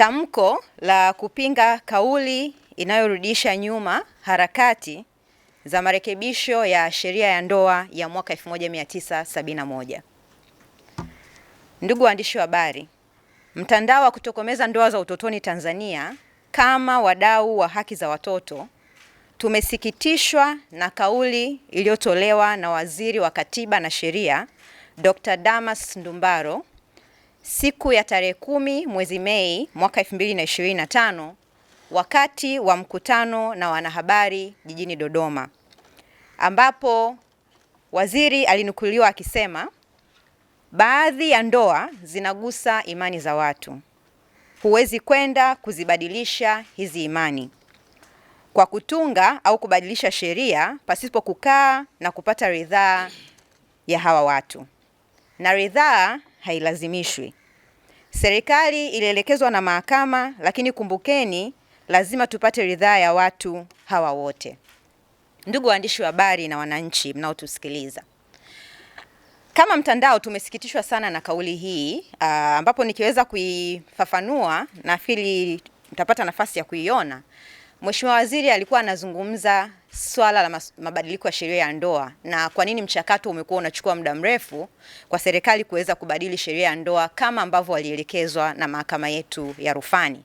Tamko la kupinga kauli inayorudisha nyuma harakati za marekebisho ya sheria ya ndoa ya mwaka 1971. Ndugu waandishi wa habari, mtandao wa kutokomeza ndoa za utotoni Tanzania, kama wadau wa haki za watoto, tumesikitishwa na kauli iliyotolewa na Waziri wa Katiba na Sheria Dr. Damas Ndumbaro Siku ya tarehe kumi mwezi Mei mwaka 2025 wakati wa mkutano na wanahabari jijini Dodoma ambapo waziri alinukuliwa akisema baadhi ya ndoa zinagusa imani za watu, huwezi kwenda kuzibadilisha hizi imani kwa kutunga au kubadilisha sheria pasipo kukaa na kupata ridhaa ya hawa watu, na ridhaa hailazimishwi. Serikali ilielekezwa na mahakama, lakini kumbukeni, lazima tupate ridhaa ya watu hawa wote. Ndugu waandishi wa habari na wananchi mnaotusikiliza, kama mtandao tumesikitishwa sana na kauli hii ah, ambapo, nikiweza kuifafanua nafikiri mtapata nafasi ya kuiona. Mheshimiwa Waziri alikuwa anazungumza swala la mabadiliko ya sheria ya ndoa na kwa nini mchakato umekuwa unachukua muda mrefu kwa serikali kuweza kubadili sheria ya ndoa kama ambavyo walielekezwa na mahakama yetu ya rufani.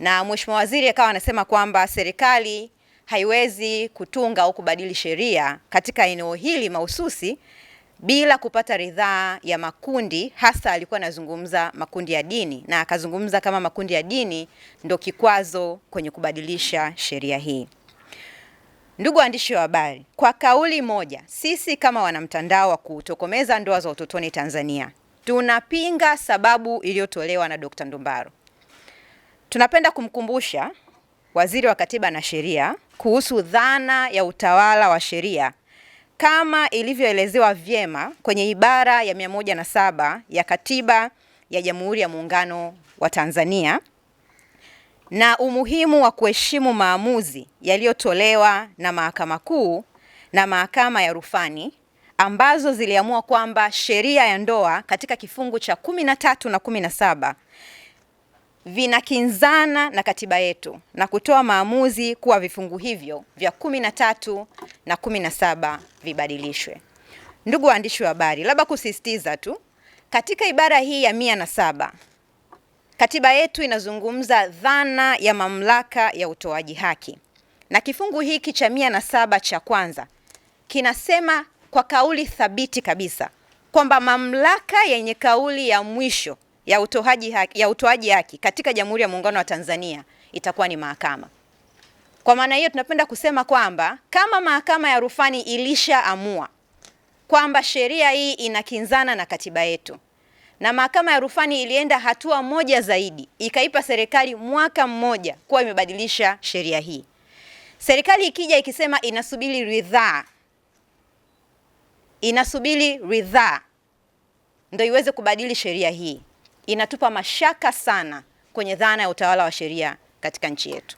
Na Mheshimiwa Waziri akawa anasema kwamba serikali haiwezi kutunga au kubadili sheria katika eneo hili mahususi bila kupata ridhaa ya makundi, hasa alikuwa anazungumza makundi ya dini, na akazungumza kama makundi ya dini ndo kikwazo kwenye kubadilisha sheria hii. Ndugu waandishi wa habari, kwa kauli moja, sisi kama wanamtandao wa kutokomeza ndoa za utotoni Tanzania tunapinga sababu iliyotolewa na Dr. Ndumbaro. Tunapenda kumkumbusha Waziri wa Katiba na Sheria kuhusu dhana ya utawala wa sheria kama ilivyoelezewa vyema kwenye ibara ya 107 ya Katiba ya Jamhuri ya Muungano wa Tanzania na umuhimu wa kuheshimu maamuzi yaliyotolewa na Mahakama Kuu na Mahakama ya Rufani ambazo ziliamua kwamba sheria ya ndoa katika kifungu cha kumi na tatu na kumi na saba vinakinzana na katiba yetu na kutoa maamuzi kuwa vifungu hivyo vya kumi na tatu na kumi na saba vibadilishwe. Ndugu waandishi wa habari, labda kusisitiza tu katika ibara hii ya mia na saba Katiba yetu inazungumza dhana ya mamlaka ya utoaji haki, na kifungu hiki cha mia na saba cha kwanza kinasema kwa kauli thabiti kabisa kwamba mamlaka yenye kauli ya mwisho ya utoaji haki, ya utoaji haki katika Jamhuri ya Muungano wa Tanzania itakuwa ni mahakama. Kwa maana hiyo, tunapenda kusema kwamba kama mahakama ya rufani ilishaamua kwamba sheria hii inakinzana na katiba yetu na mahakama ya rufani ilienda hatua moja zaidi, ikaipa serikali mwaka mmoja kuwa imebadilisha sheria hii. Serikali ikija ikisema inasubiri ridhaa, inasubiri ridhaa ndio iweze kubadili sheria hii, inatupa mashaka sana kwenye dhana ya utawala wa sheria katika nchi yetu,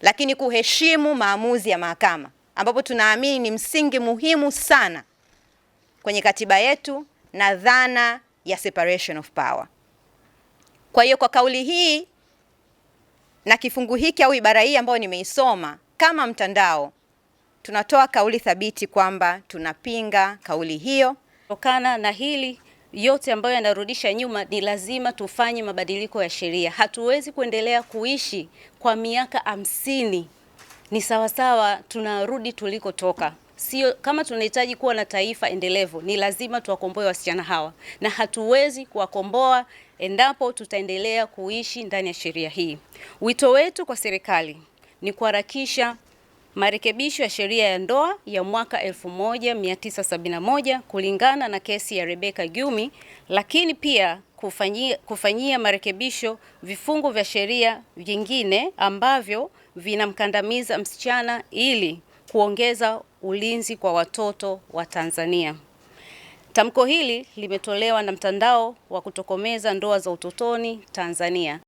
lakini kuheshimu maamuzi ya mahakama ambapo tunaamini ni msingi muhimu sana kwenye katiba yetu na dhana ya separation of power. Kwa hiyo kwa kauli hii na kifungu hiki au ibara hii ambayo nimeisoma, kama mtandao tunatoa kauli thabiti kwamba tunapinga kauli hiyo. Kutokana na hili yote ambayo yanarudisha nyuma, ni lazima tufanye mabadiliko ya sheria. Hatuwezi kuendelea kuishi kwa miaka hamsini, ni sawasawa tunarudi tulikotoka sio kama tunahitaji kuwa na taifa endelevu, ni lazima tuwakomboe wasichana hawa, na hatuwezi kuwakomboa endapo tutaendelea kuishi ndani ya sheria hii. Wito wetu kwa serikali ni kuharakisha marekebisho ya sheria ya ndoa ya mwaka 1971 kulingana na kesi ya Rebecca Gyumi, lakini pia kufanyia, kufanyia marekebisho vifungu vya sheria vingine ambavyo vinamkandamiza msichana ili kuongeza ulinzi kwa watoto wa Tanzania. Tamko hili limetolewa na mtandao wa kutokomeza ndoa za utotoni Tanzania.